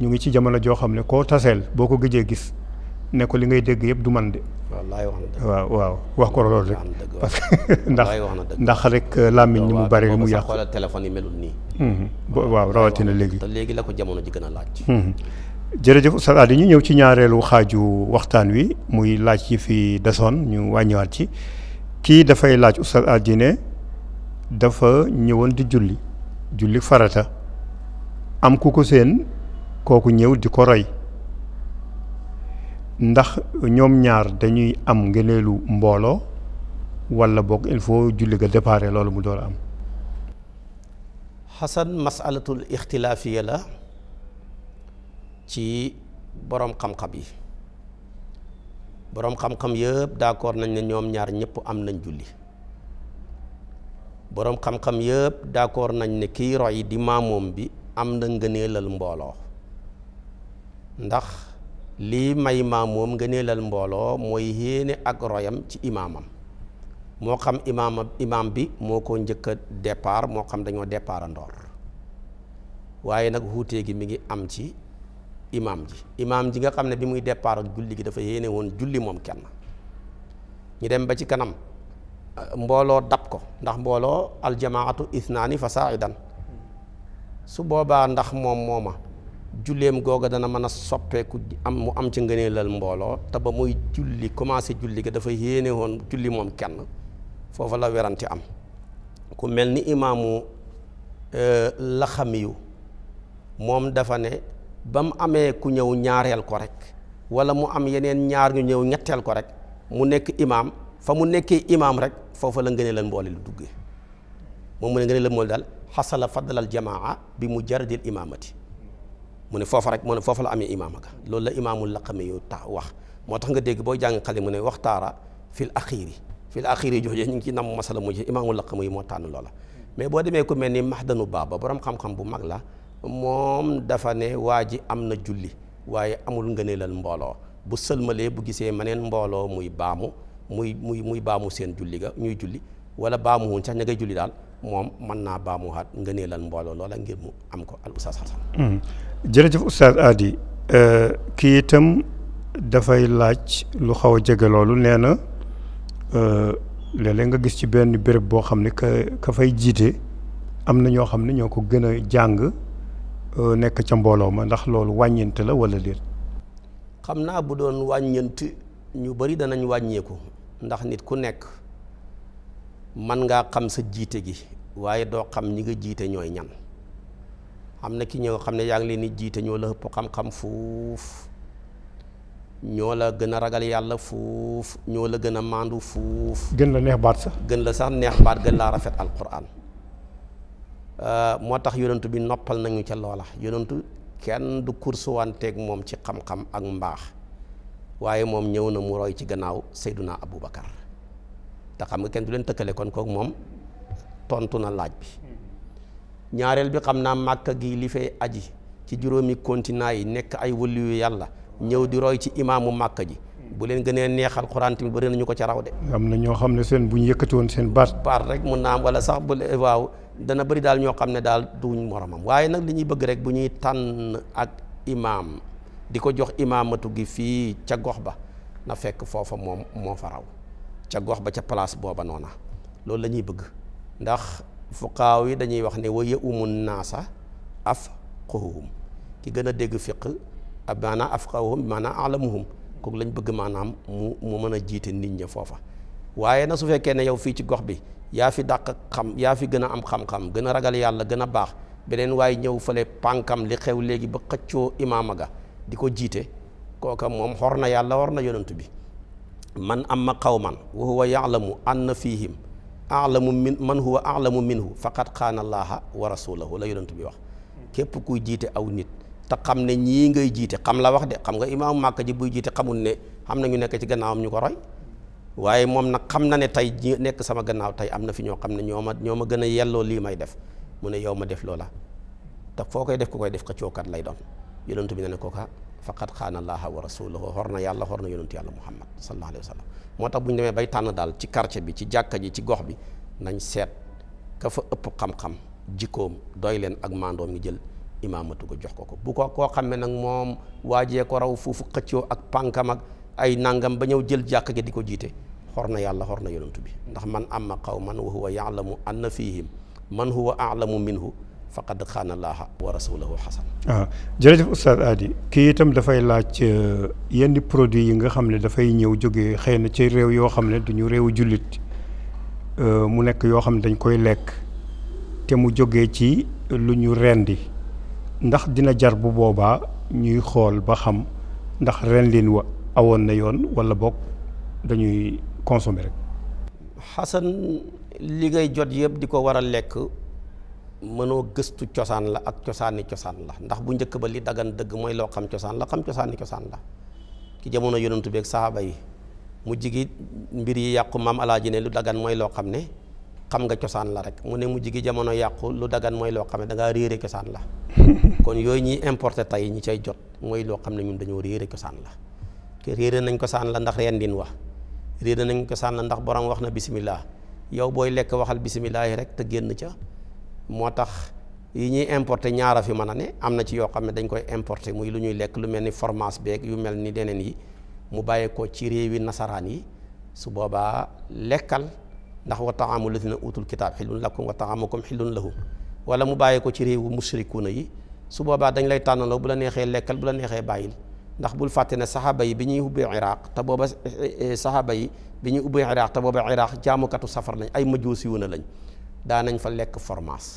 [SPEAKER 1] ñu ngi ci jamono joo xam ne koo taseel boo ko gijee gis ne li ngay dégg yëpp du man de waaw waaw wax ko loolu rek parce que ndax ndax rek euh, làmmiñ ni mu bari mu yàqu
[SPEAKER 2] téléphone yi melul nii mhm. waaw rawatina léegi te léegi la ko jamono ji gën a laaj
[SPEAKER 1] mhm. jërëjëf Oustaz Hady ñu ñëw ci ñaareelu xaaju waxtaan wi muy laaj yi fi desoon ñu wàññiwaat ci kii dafay laaj Oustaz Hady ne dafa ñëwoon di julli julli farata am ku ko seen kooku ñëw di ko roy ndax ñoom ñaar dañuy am ngëneelu mbooloo wala bokk il faut julli ga déparé loolu mu door a am
[SPEAKER 2] xasan masalatul ixtilaafiya la ci boroom xam-xam yi boroom xam-xam yëpp d'accord nañ ne ñoom ñaar ñëpp am nañ julli boroom xam-xam yëpp d'accord nañ ne kiy roy di maamoom bi am na ngëneelal mbooloo ndax lii may maamoom ngëneelal mbooloo mooy yéene ak royam ci imaamam moo xam imaam imaam bi moo ko njëkk a départ moo xam dañoo départ andoor waaye nag wuute gi mi ngi am ci imaam ji imaam ji nga xam ne bi muy départ ak julli gi dafa yéene woon julli moom kenn ñu dem ba ci kanam mbooloo dab ko ndax mbooloo aljamaatu isnaani fa saaidan su boobaa ndax moom mooma julleem googa dana mën a soppeeku am mu am ci ngëneelal mbooloo te ba muy julli commencé julli gi dafa yéene woon julli moom kenn foofa la werante am ku mel ni imaamu euh, laxamiyu moom dafa ne ba mu amee ku ñëw ñaareel ko rek wala mu am yeneen ñaar ñu ñëw ñetteel ko rek mu nekk imaam fa mu nekkee imaam rek foofa la ngëneelal mboole lu duggee moom mu ne ngëneelal mboole daal xasala fadlal jamaa bi mujaradil imaamati mu ne foofa rek mu ne foofa la amee imaama ga loolu la imaamul laqami yu wax moo tax nga dégg boo jàng xale mu ne waxtaara fil axiiri fil axiiri joojee ñu ngi ci nam masala mujj imaamul laqami yu moo tànn loola mais boo demee ko mel ni mahdanu baaba borom xam-xam bu mag la moom dafa ne waa ji am na julli waaye amul ngëneelal mbooloo bu sëlmalee bu gisee maneen mbooloo muy baamu muy muy muy baamu seen julli ga ñuy julli wala baamuwuñ sax ña ngay julli daal moom mën naa baamuwaat ngëneelal mbooloo loola ngir mu am ko al oustaz Xasan
[SPEAKER 1] hmm. jërëjëf oustaz Adi euh, kii itam dafay laaj lu xaw a jege loolu nee na euh, léeg-léeg nga gis ci benn béréb boo xam ne ka ka fay jiite am na ñoo xam ne ñoo ko gën a jàng Euh, nekk ca mbooloo ma ndax loolu wàññeent la wala déet.
[SPEAKER 2] xam naa bu doon wàññent ñu bari danañ wàññeeku ndax nit ku nekk man ngaa xam sa jiite gi waaye doo xam ñi nga jiite ñooy ñan am na ki ñëw xam ne yaa ngi leen di jiite ñoo la ëpp xam-xam fuuf ñoo la gën a ragal yàlla fuuf ñoo la gën a maandu fuuf.
[SPEAKER 1] gën la neex baat sax.
[SPEAKER 2] gën la sax neex baat gën laa rafet alquran. Euh, moo tax yonentu bi noppal nañu ca loola yonentu kenn du kursuwanteeg moom ci xam-xam ak mbaax waaye moom ñëw na mu roy ci gannaaw Seyduna Abubakar te xam nga kenn du leen tëkkale kon kook moom tontu na laaj bi ñaareel bi xam naa màkka gi li fay aji ci juróomi continent yi nekk ay wëliyu yàlla ñëw di roy ci imaamu màkka ji bu leen gënee neexal xuraan tamit bëri nañu ko ca raw de.
[SPEAKER 1] am xam ne seen bu yëkkati woon seen baat.
[SPEAKER 2] baat rek mun naa am wala dana bari daal ñoo xam ne daal duñ moromam waaye nag li ñuy bëgg rek bu ñuy tànn ak imaam di ko jox imaamatu gi fii ca gox ba na fekk foofa moom moo fa raw ca gox ba ca place booba noona loolu la ñuy bëgg ndax fuqaaw yi dañuy wax ne wa ya'umun naasa afqahuhum ki gën a dégg fiq ab maanaam afqahuhum maanaam alamuhum kook lañ bëgg maanaam mu mu mën a jiite nit ñi foofa waaye na su fekkee ne yow fii ci gox bi yaa fi dàq xam yaa fi gën a am xam-xam gën a ragal yàlla gën a baax beneen waaye ñëw fële pànkam li xew léegi ba xëccoo imaama ga di ko jiite kooka moom xor na yàlla war na yonent bi man am amma qawman wa huwa ya'lamu anna fihim a'lamu min man huwa a'lamu minhu faqad xaana allaaha wa rasulahu la yonent bi wax képp kuy jiite aw nit te xam ne ñii ngay jiite xam la wax de xam nga imaamu màkk ji buy jiite xamul ne xam na ñu nekk ci gannaawam ñu ko roy waaye moom nag xam na ne tey ñi nekk sama gannaaw tey am na fi ñoo xam ne ñoo ma ñoo ma gën a yelloo lii may def mu ne yow ma def loola te foo koy def ku koy def ka kat lay doon yonentu bi na ne kooka faqad xaana allaha wa rasulahu xor na yàlla xor na yonentu yàlla muhammad sallallahu alayhi wa sallam moo tax bu ñu bay tànn daal ci quartier bi ci jàkka ji ci gox bi nañ seet ka fa ëpp xam-xam jikkoom doy leen ak maandoom ngi jël imaamatu ko jox ko ko bu ko koo xam ne nag moom waajee ko raw foofu xëccoo ak pànkam ak ay nangam ba ñëw jël jàkk ja di ko jiite xor na yàlla xor na yonent bi ndax man am amma qawman wa huwa yaalamu anna fihim man huwa aalamu minhu faqad xaana laaha wa rasulahu xasan
[SPEAKER 1] waaw ah, jërëjëf oustaz Adi kii itam dafay laaj euh, yenn produit yi nga xam ne dafay ñëw jógee xëy na ci réew yoo xam ne duñu réewu jullit euh, mu nekk yoo xam ne dañ koy lekk te mu jógee ci lu ñu rendi ndax dina jar bu boobaa ñuy xool ba xam ndax rendin wa awoon na yoon wala bokk dañuy consommer rek.
[SPEAKER 2] Xasan li ngay jot yëpp di ko war a lekk mënoo gëstu cosaan la ak cosaani cosaan la ndax bu njëkk ba li daggan dëgg mooy loo xam cosaan la xam cosaani cosaan la ki jamono yonent bi yi mu jigi mbir yi yàqu maam alaaji ne lu dagan mooy loo xam ne xam nga cosaan la rek mu ne mu jigi jamono yàqu lu dagan mooy loo xam ne da ngaa réere cosaan la kon yooyu ñuy importer tey ñi cay jot mooy loo xam ne ñun dañoo réere cosaan la te réere nañ ko saan la ndax rendin wax réere nañ ko saan la ndax borom wax na bisimilah yow booy lekk waxal bisimilah rek te génn ca moo tax yi ñuy importe ñaara fi mën a ne am na ci yoo xam ne dañ koy importer muy lu ñuy lekk lu mel ni fromage beeg yu mel ni deneen yi mu bàyyeekoo ci réewi nasaraan yi su boobaa lekkal ndax wa taamu lazina utul kitaab xillun lakum wa taamukum xillun lahum wala mu bàyyeekoo ci réewu musrikuna yi su boobaa dañ lay tànnaloo bu la neexee lekkal bu la neexee bàyyil ndax bul fàtte ne saxaaba yi bi ñuy ubbee iraq te booba eh, eh, saxaaba yi bi ñuy ubbee iraq te booba iraq jaamukatu safar lañ ay majuusi wu na lañ daa nañ fa lekk fromage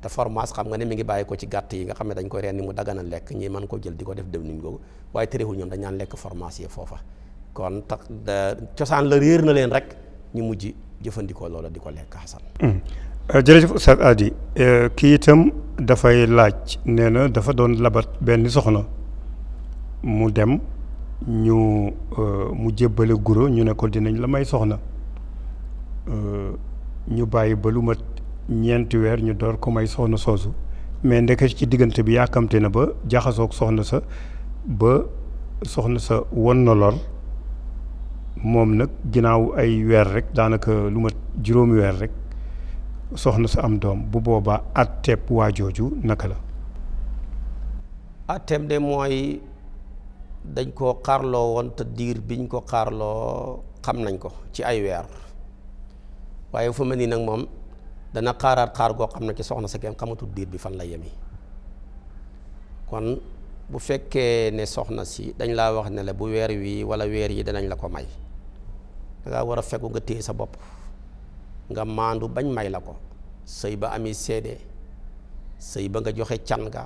[SPEAKER 2] te fromage xam nga ne mi ngi bàyyi ko ci gàtt yi nga xam ne dañ koy ren ni mu dagana lekk ñi mën ko jël di ko def dem niñ googu waaye terewul ñoom dañ naan lekk fromage yi foofa kon tax cosaan la réer na leen rek ñu mujj jëfandikoo loola di ko lekk xasan
[SPEAKER 1] hmm. euh, jërëjëf Oustaz Hady euh, kii itam dafay laaj nee na dafa doon labat benn soxna mu dem ñu euh, mu jébbale guro ñu ne ko dinañ la may soxna euh, ñu bàyyi ba lu mat ñeenti weer ñu door ko may soxna soosu mais ndeke ci diggante bi yàkkamte na ba jaxasoog soxna sa ba soxna sa won na lor moom nag ginnaaw ay weer rek daanaka lu mat juróomi weer rek soxna sa am doom bu boobaa atteeb waa jooju naka la
[SPEAKER 2] atteeb de mooy dañ koo xaarloo woon te diir biñ ko xaarloo xam nañ ko ci ay weer waaye fu ma nii nag moom dana xaaraat xaar goo xam ne ci soxna sa kenn xamatul diir bi fan la yemi kon bu fekkee ne soxna si dañ laa wax ne bu weer wi wala weer yi danañ la ko may dangaa war a fekku nga téye sa bopp nga maandu bañ may la ko sëy ba ami seede sëy ba nga joxe can ga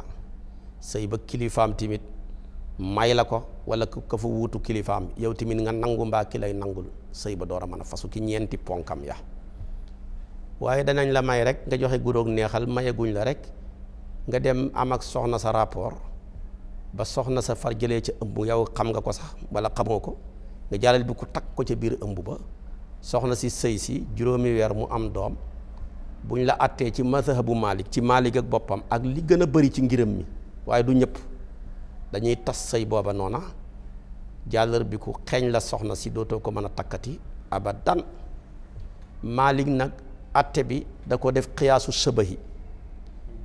[SPEAKER 2] sëy ba kilifaam tamit may la ko wala ka fa wuutu kilifaam yow tamit nga nangu mbaa ki lay nangul sëy ba door a mën a fasu ki ñeenti ponkam ya waaye danañ la may rek nga joxe guróog neexal mayeguñ la rek nga dem am ak soxna sa rapport ba soxna sa far jëlee ca ëmb yow xam nga ko sax wala xamoo ko nga jàllal bi ku takk ko ca biir ëmb ba soxna si sëy si juróomi weer mu am doom buñ la attee ci bu Malik ci Malik ak boppam ak li gën a bari ci ngiram mi waaye du ñëpp dañuy tas say booba noona jàllar xeeñ la soxna si dootoo ko mën a takkati abadan Malik nag atte bi da ko def xiyaasu sëbahi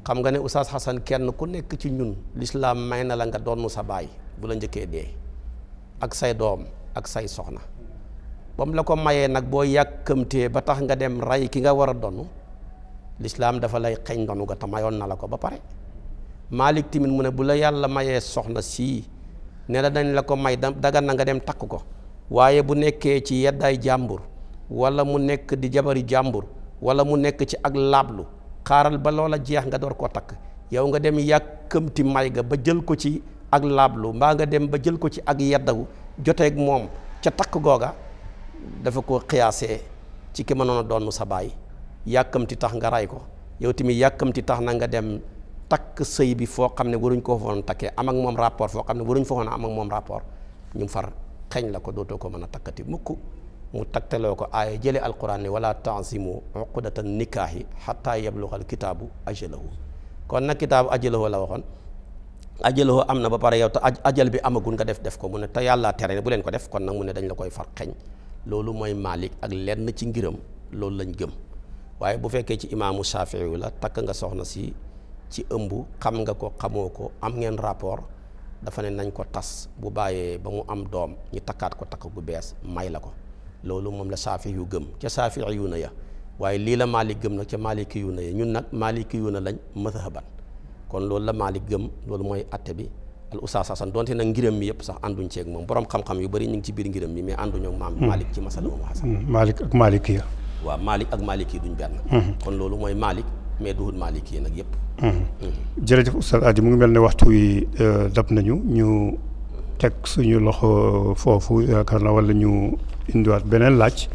[SPEAKER 2] xam nga ne Oustaz Xasan kenn ku nekk ci ñun lislaam may na la nga doon sa baay bu la njëkkee dee ak say doom ak say soxna ba mu la ko mayee nag boo yàkkamtee ba tax nga dem rey ki nga war a donn lislaam dafa lay xeeñ ndonu ga te mayoon na la ko ba pare Malik timin mu ne bu la yàlla mayee soxna sii ne dañ la ko may dagan na nga dem takk ko waaye bu nekkee ci yeddaay jàmbur walla mu nekk di jabari jàmbur wala mu nekk ci ak laablu xaaral ba loola jeex nga door koo takk yow nga dem yàkkamti may ga ba jël ko ci ak laablu mbaa nga dem ba jël ko ci ak yeddawu joteeg moom ca takk googa dafa ko xiyaasee ci ki mënoon a doon sa baay yàkkamti tax nga ray ko yow tamit yàkkamti tax na nga dem takk sëy bi foo xam ne waruñ ko foon takkee am ak moom rapport foo xam ne waruñ fa woon am ak moom rapport ñu far xeñ la ko dootoo ko mën a takkati mukk mu taktaloo ko aaya jële alquran ne wala tansimu uqdatan nikaahi xataa yabluxal kitaabu ajalahu kon nag kitaabu ajalahu la waxoon ajalahu am na ba pare yow ajal bi amagul nga def def ko mu ne te yàlla tere bu leen ko def kon nag mu ne dañ la koy far xeñ loolu mooy Malik ak lenn ci ngiram loolu lañ gëm waaye bu fekkee ci imaamu Shafii la takk nga soxna si ci ëmb xam nga ko xamoo ko am ngeen rapport dafa ne nañ ko tas bu bàyyee ba mu am doom ñu takkaat ko takk bu bees may la ko loolu moom la saafi yu gëm ca saafi yu na ya waaye lii la maalik gëm nag ca maaliki yu na ya ñun nag maaliki yu na lañ mazhaban kon loolu la maalik gëm loolu mooy atte bi al usaas asan donte nag ngiram mi yëpp sax ànduñ ceeg moom borom xam yu bari ñu ngi ci biir ngiram mi mais ànduñu ak maam hmm. maalik ci masal moomu
[SPEAKER 1] xasan hmm. maalik ak maalik ya
[SPEAKER 2] waaw maalik ak maalik mais duhul maaliki yi nag yëpp.
[SPEAKER 1] Mm-hmm. jërëjëf Oustaz Adi mu ngi mel ne waxtu wi euh, dab nañu ñu teg suñu loxo foofu yaakaar na wala ñu indiwaat beneen laaj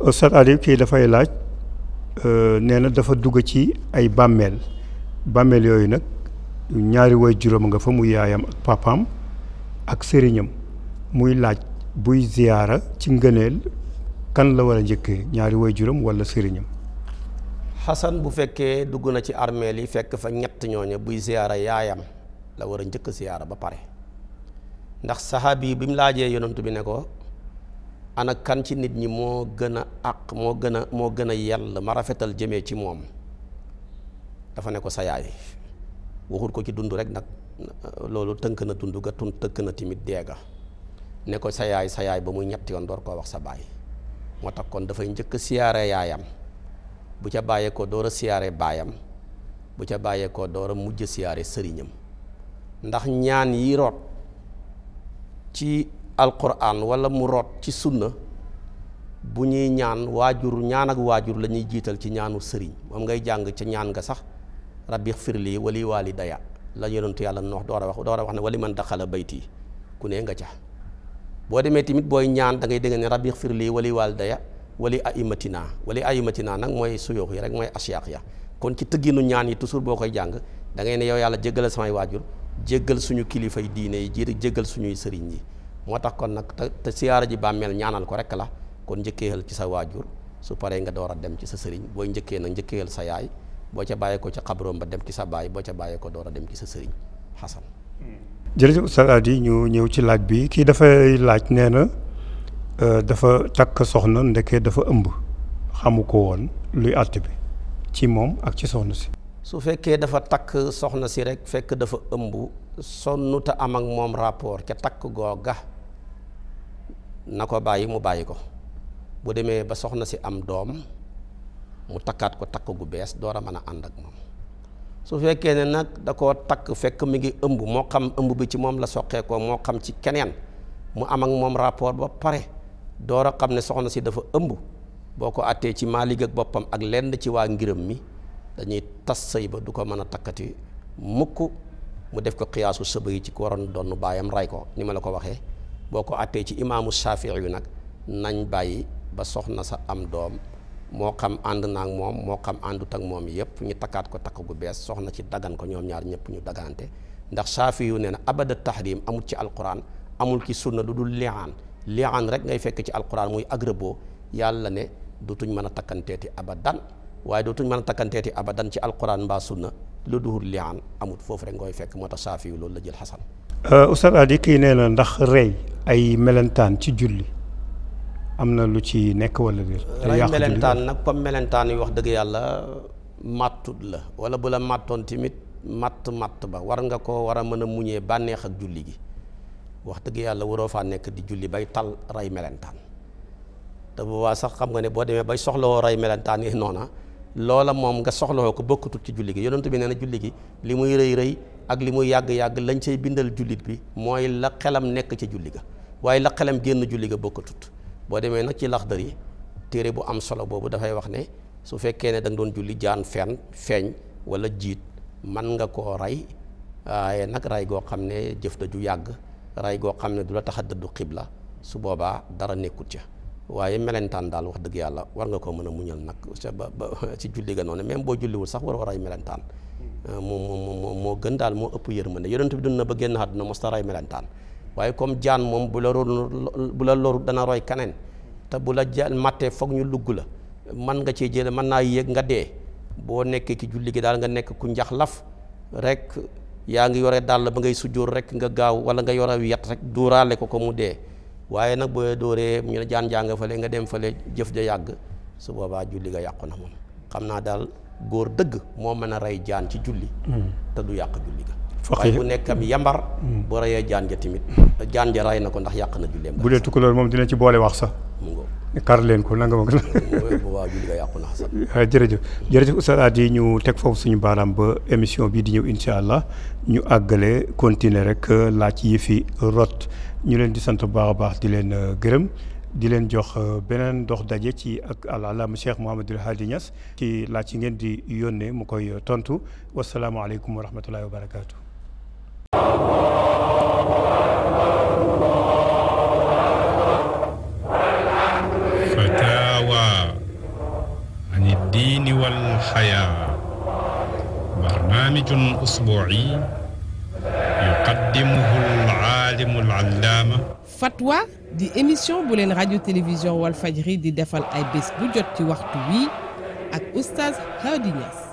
[SPEAKER 1] Oustaz Adi kii dafay laaj euh, nee na dafa dugg ci ay bàmmeel bàmmeel yooyu nag ñaari woy juróom nga fa mu yaayam ak papaam ak sëriñam muy laaj buy ziyaara ci ngëneel kan la war a njëkkee ñaari woy juróom wala sëriñam.
[SPEAKER 2] xasan bu fekkee dugg na ci armeel yi fekk fa ñett ñooña buy ziyaara yaayam la war a njëkk siyaara ba pare ndax saxaabi yi bi mu laajee yonantu bi ne ko ana kan ci nit ñi moo gën a àq moo gën a moo gën a yell ma rafetal jëmee ci moom dafa ne ko sa yaay waxul ko ci dund rek nag loolu tënk na dund ga tun tënk na timit deega ne ko sa yaay sa yaay ba muy ñetti yoon door koo wax sa baay moo tax kon dafay njëkk siyaare yaayam bu ca bàyyeekoo door a siyaare baayam bu ca bàyyeekoo door a mujj siyaare sëriñam ndax ñaan yi root ci alquran wala mu root ci sunna bu ñuy ñaan waajur ñaan ak waajur la ñuy jiital ci ñaanu sëriñ moom ngay jàng ca ñaan nga sax rabbi firli wali walidaya la yonentu yàlla nu wax door a wax door a wax ne wali man daxala bayti ku nee nga ca boo demee tamit booy ñaan da ngay dégg ne rabbi firli wali walidaya wali aimatina wali aimatina nag mooy suyoox yi rek mooy asiyaaq ya kon ci tëgginu ñaan yi toujours boo koy jàng da ngay ne yow yàlla jéggal samay waajur jéggal suñu kilifa yi diine yi ji jéggal suñuy sëriñ yi moo tax kon nag te te siyaara ji bàmmeel ñaanal ko rek la kon njëkkeexal ci sa waajur su paree nga door a dem ci sa sëriñ booy njëkkee nag njëkkeexal sa yaay boo ca bàyyee ko ca xabroom ba dem ci sa baay boo ca bàyyee ko door dem ci sa sëriñ xasan
[SPEAKER 1] jërëjëf Oustaz na Euh, dafa takk soxna ndeke dafa ëmb xamu ko woon luy àtte bi ci moom ak ci soxna si
[SPEAKER 2] su fekkee dafa takk soxna si rek fekk dafa ëmb sonnuta am ak moom rapport ca takk googa na ko bàyyi mu bàyyi ko bu demee ba soxna si am doom mu takkaat ko takk gu bees door a mën a ànd ak moom su fekkee ne nag da koo takk fekk mu ngi ëmb moo xam ëmb bi ci moom la soqee ko moo xam ci keneen mu am ak moom rapport ba pare door a xam ne soxna si dafa ëmb boo ko àttee ci maalig ak boppam ak lenn ci waa ngiram mi dañuy tas sëy ba du ko mën a takkati mukk mu def ko xiyaasu sëba yi ci koron waroon doon baayam ray ko ni ma la ko waxee boo ko àttee ci imaamu Shafii yu nag nañ bàyyi ba soxna sa am doom moo xam ànd naag moom moo xam àndut ak moom yëpp ñu takkaat ko takk gu bees soxna ci dagan ko ñoom ñaar ñëpp ñu dagante ndax Shafii yu nee na abada tahrim amul ci alquran amul ci sunna lu dul liaan li'aan rek ngay fekk ci alquran muy agrebo yàlla ne dootuñ mën a takkanteeti abadan waaye dootuñ mën a takkanteeti abadan ci alquran mbaa sunna lu duhul li'aan amut foofu rek koy fekk moo tax loolu la jël xasan
[SPEAKER 1] euh, Oustaz Hady kii nee na ndax rey ay melentaan ci julli am na lu ci nekk wala déet rey melentaan
[SPEAKER 2] nag comme melentaan wax dëgg yàlla màttut la wala bu la màttoon tamit matt matt ba war nga ko war a mën a muñee bànneex ak julli gi wax dëgg yàlla waroo faa nekk di julli bay tal ray melentaan te boobaa sax xam nga ne boo demee bay soxlawoo ray melentaan yi noona loola moom nga soxlawoo ko bokkutut ci julli gi yonent bi nee na julli gi li muy rëy rëy ak li muy yàgg-yàgg lañ cay bindal jullit bi mooy la xelam nekk ci julli ga waaye la xelam génn julli ga bokkutut boo demee nag ci laxdar yi téere bu am solo boobu dafay wax ne su fekkee ne da doon julli jaan fen feeñ walla jiit man nga koo rey waaye goo xam ne jëf da ju yàgg ray goo xam ne du la tax a dëddu xibla su boobaa dara nekkut ca waaye melentaan daal wax dëgg yàlla war nga koo mën a muñal nag ca ba ba ci julli ga noonu même boo julliwul sax war ay ray melentaan moo euh, moo moo gën daal moo ëpp yërmande yonent bi dund na ba génn àdduna melentaan waaye comme jaan moom bu la roru bu la loru dana roy kaneen te bu la ja mattee foog ñu lugg la man nga cee jële man naa yéeg nga dee boo nekkee ci julli gi daal nga nekk ku njax laf rek yaa ngi yore dàll ba ngay sujjóor rek nga gaaw wala nga yore yat rek duuraale ko ko mu dee waaye nag boo dooree mu ñu ne jaan jàng fale nga dem fa fale jëf ja yàgg su boobaa julli nga yàqu na moom xam naa daal góor dëgg moo mën a rey jaan ci julli hmm. te du yàq julli ga waaye bu nekkam hmm. yambar hmm. bu reyee jaan ja tamit jaan ja rey na ko ndax yàq na julleem bu
[SPEAKER 1] dee tukkuloor moom dina ci boole wax sax mu kar leen ko nanga ma ko waaw julli nga yàqu ah, jërëjëf jërëjëf Oustaz Hady ñu teg foofu suñu baaraam ba émission bii di ñëw incha allah ñu àggale continuer rek laaj yi fi rot ñu leen di sant bu baax a baax di leen euh, gërëm di leen jox euh, beneen dox daje ci ak alalaama Cheikh Mouhamadul Hady Niass ci laaj yi ngeen di yónnee mu koy euh, tontu wasalaamualeykum wa rahmatullahi wa barakaatu. الدين والحياة برنامج أسبوعي يقدمه العالم العلامة
[SPEAKER 2] Fatwa di émission bu radio télévision Walfadjri di defal ay bés bu jot ci waxtu wi ak oustaz Hady